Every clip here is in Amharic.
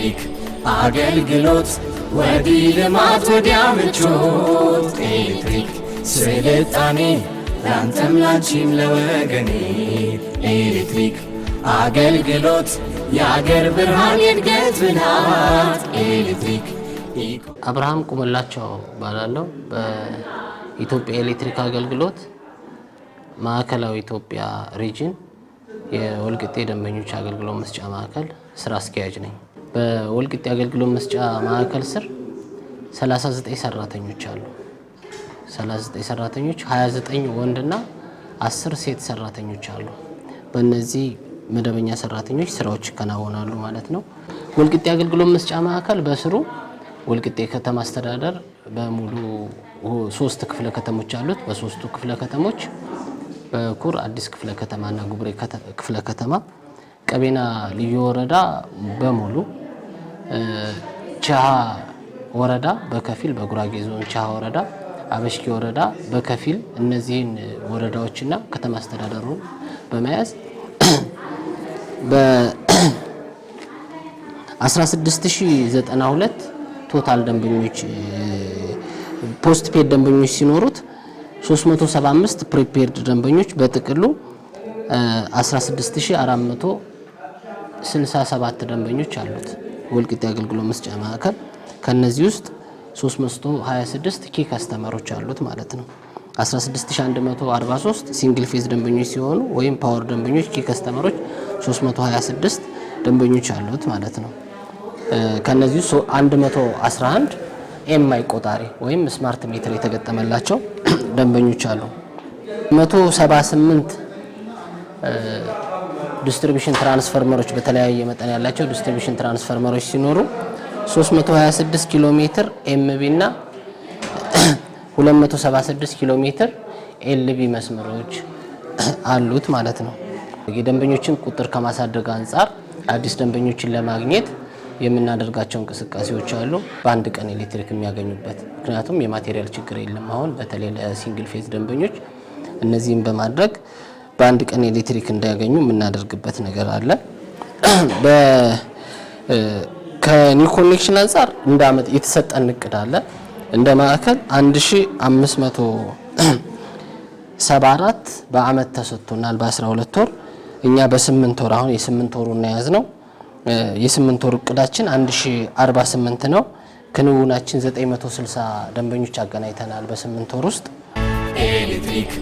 ቴክኒክ አገልግሎት ወዲ ልማት ወዲያ ምቾት ኤሌክትሪክ ስልጣኔ ለአንተም ላንቺም ለወገኔ ኤሌክትሪክ አገልግሎት የአገር ብርሃን የእድገት ብናት ኤሌክትሪክ አብርሃም ቁምላቸው እባላለሁ። በኢትዮጵያ ኤሌክትሪክ አገልግሎት ማዕከላዊ ኢትዮጵያ ሪጅን የወልቂጤ ደንበኞች አገልግሎት መስጫ ማዕከል ስራ አስኪያጅ ነኝ። በወልቂጤ አገልግሎት መስጫ ማዕከል ስር 39 ሰራተኞች አሉ። 39 ሰራተኞች 29 ወንድና 10 ሴት ሰራተኞች አሉ። በእነዚህ መደበኛ ሰራተኞች ስራዎች ይከናወናሉ ማለት ነው። ወልቂጤ አገልግሎት መስጫ ማዕከል በስሩ ወልቂጤ ከተማ አስተዳደር በሙሉ ሶስት ክፍለ ከተሞች አሉት። በሶስቱ ክፍለ ከተሞች በኩር አዲስ ክፍለ ከተማና ጉብሬ ክፍለ ከተማ ቀቤና ልዩ ወረዳ በሙሉ ቻሃ ወረዳ በከፊል በጉራጌ ዞን ቻሃ ወረዳ፣ አበሽኪ ወረዳ በከፊል እነዚህን ወረዳዎችና ከተማ አስተዳደሩን በመያዝ በ16092 ቶታል ደንበኞች ፖስት ፔድ ደንበኞች ሲኖሩት 375 ፕሪፔርድ ደንበኞች በጥቅሉ 16467 ደንበኞች አሉት። ወልቂጤ አገልግሎት መስጫ ማዕከል ከነዚህ ውስጥ 326 ኪ ከስተመሮች አሉት ማለት ነው። 16143 ሲንግል ፌዝ ደንበኞች ሲሆኑ ወይም ፓወር ደንበኞች ኬ ከስተመሮች 326 ደንበኞች አሉት ማለት ነው። ከነዚህ 111 ኤምአይ ቆጣሪ ወይም ስማርት ሜትር የተገጠመላቸው ደንበኞች አሉ 178 ዲስትሪቢሽን ትራንስፈርመሮች በተለያየ መጠን ያላቸው ዲስትሪቢሽን ትራንስፈርመሮች ሲኖሩ 326 ኪሎ ሜትር ኤምቢ እና 276 ኪሎ ሜትር ኤልቢ መስመሮች አሉት ማለት ነው። የደንበኞችን ቁጥር ከማሳደግ አንጻር አዲስ ደንበኞችን ለማግኘት የምናደርጋቸው እንቅስቃሴዎች አሉ። በአንድ ቀን ኤሌክትሪክ የሚያገኙበት ምክንያቱም የማቴሪያል ችግር የለም። አሁን በተለይ ለሲንግል ፌዝ ደንበኞች እነዚህም በማድረግ በአንድ ቀን ኤሌክትሪክ እንዳያገኙ የምናደርግበት ነገር አለ። ከኒው ኮኔክሽን አንጻር እንደ አመት የተሰጠን እቅድ አለ። እንደ ማዕከል 1574 በአመት ተሰጥቶናል በ12 ወር እኛ በስምንት ወር አሁን የስምንት ወሩ እናያዝ ነው። የስምንት ወር እቅዳችን 1048 ነው። ክንውናችን 960 ደንበኞች አገናኝተናል በስምንት ወር ውስጥ ኤሌክትሪክ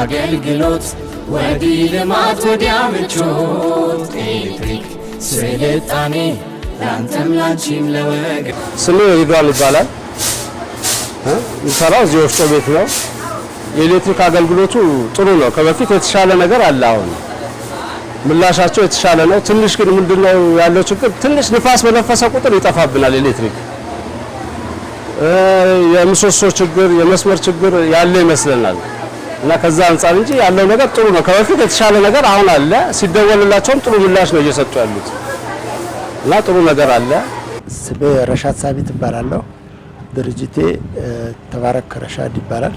አገልግሎት ወዲ ልማት ወዲያ ምቾት ኤሌክትሪክ ስልጣኔ ለአንተም ላንቺም ለወገ ስሜ ይባል ይባላል። የምሰራው እዚህ ወፍጮ ቤት ነው። የኤሌክትሪክ አገልግሎቱ ጥሩ ነው። ከበፊት የተሻለ ነገር አለ። አሁን ምላሻቸው የተሻለ ነው። ትንሽ ግን ምንድነው ያለው ችግር? ትንሽ ንፋስ በነፈሰ ቁጥር ይጠፋብናል ኤሌክትሪክ። የምሰሶ ችግር፣ የመስመር ችግር ያለ ይመስለናል። እና ከዛ አንጻር እንጂ ያለው ነገር ጥሩ ነው። ከበፊት የተሻለ ነገር አሁን አለ። ሲደወልላቸውም ጥሩ ምላሽ ነው እየሰጡ ያሉት እና ጥሩ ነገር አለ። ስሜ ረሻት ሳቢት እባላለሁ። ድርጅቴ ተባረክ ረሻድ ይባላል።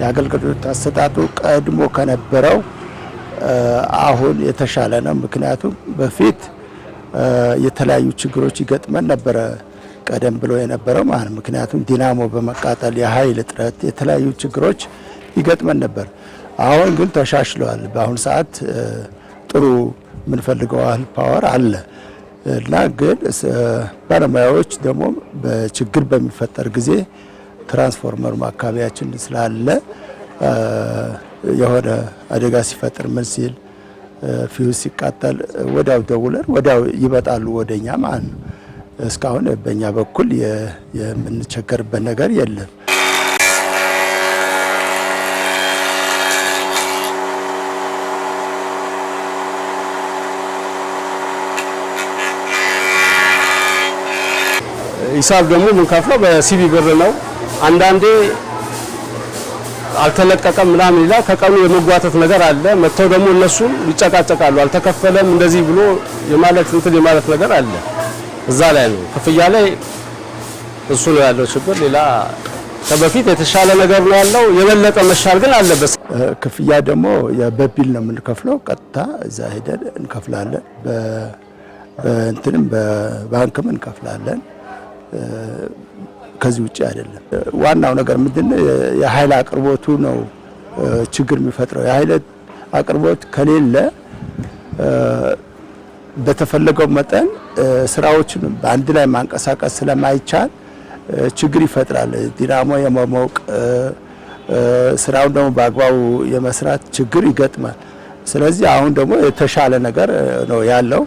የአገልግሎት አሰጣጡ ቀድሞ ከነበረው አሁን የተሻለ ነው። ምክንያቱም በፊት የተለያዩ ችግሮች ይገጥመን ነበረ። ቀደም ብሎ የነበረው ማለት ምክንያቱም ዲናሞ በመቃጠል የኃይል እጥረት የተለያዩ ችግሮች ይገጥመን ነበር። አሁን ግን ተሻሽለዋል። በአሁኑ ሰዓት ጥሩ የምንፈልገው ያህል ፓወር አለ እና ግን ባለሙያዎች ደግሞ በችግር በሚፈጠር ጊዜ ትራንስፎርመሩ አካባቢያችን ስላለ የሆነ አደጋ ሲፈጥር ምን ሲል ፊውስ ሲቃጠል ወዲያው ደውለን ወዲያው ይመጣሉ ወደኛ ማለት ነው። እስካሁን በእኛ በኩል የምንቸገርበት ነገር የለም። ሂሳብ ደግሞ የምንከፍለው በሲቪ ብር ነው። አንዳንዴ አልተለቀቀም ምናምን ይላል። ከቀኑ የመጓተት ነገር አለ። መጥተው ደግሞ እነሱም ይጨቃጨቃሉ። አልተከፈለም እንደዚህ ብሎ የማለት እንትን የማለት ነገር አለ። እዛ ላይ ነው ክፍያ ላይ እሱ ነው ያለው ችግር። ሌላ ከበፊት የተሻለ ነገር ነው ያለው። የበለጠ መሻል ግን አለበት። ክፍያ ደግሞ በቢል ነው የምንከፍለው። ቀጥታ እዛ ሄደን እንከፍላለን። በእንትንም በባንክም እንከፍላለን። ከዚህ ውጭ አይደለም። ዋናው ነገር ምንድነው? የኃይል አቅርቦቱ ነው ችግር የሚፈጥረው። የኃይል አቅርቦት ከሌለ በተፈለገው መጠን ስራዎችን በአንድ ላይ ማንቀሳቀስ ስለማይቻል ችግር ይፈጥራል። ዲናሞ የመሞቅ ስራውን ደግሞ በአግባቡ የመስራት ችግር ይገጥማል። ስለዚህ አሁን ደግሞ የተሻለ ነገር ነው ያለው።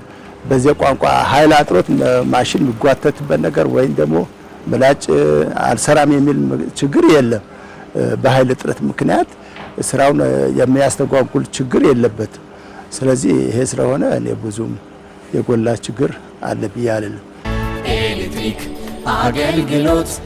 በዚህ ቋንቋ ኃይል አጥሮት ማሽን የሚጓተትበት ነገር ወይም ደግሞ ምላጭ አልሰራም የሚል ችግር የለም። በኃይል እጥረት ምክንያት ስራውን የሚያስተጓጉል ችግር የለበትም። ስለዚህ ይሄ ስለሆነ እኔ ብዙም የጎላ ችግር አለ ብዬ አልልም። ኤሌክትሪክ አገልግሎት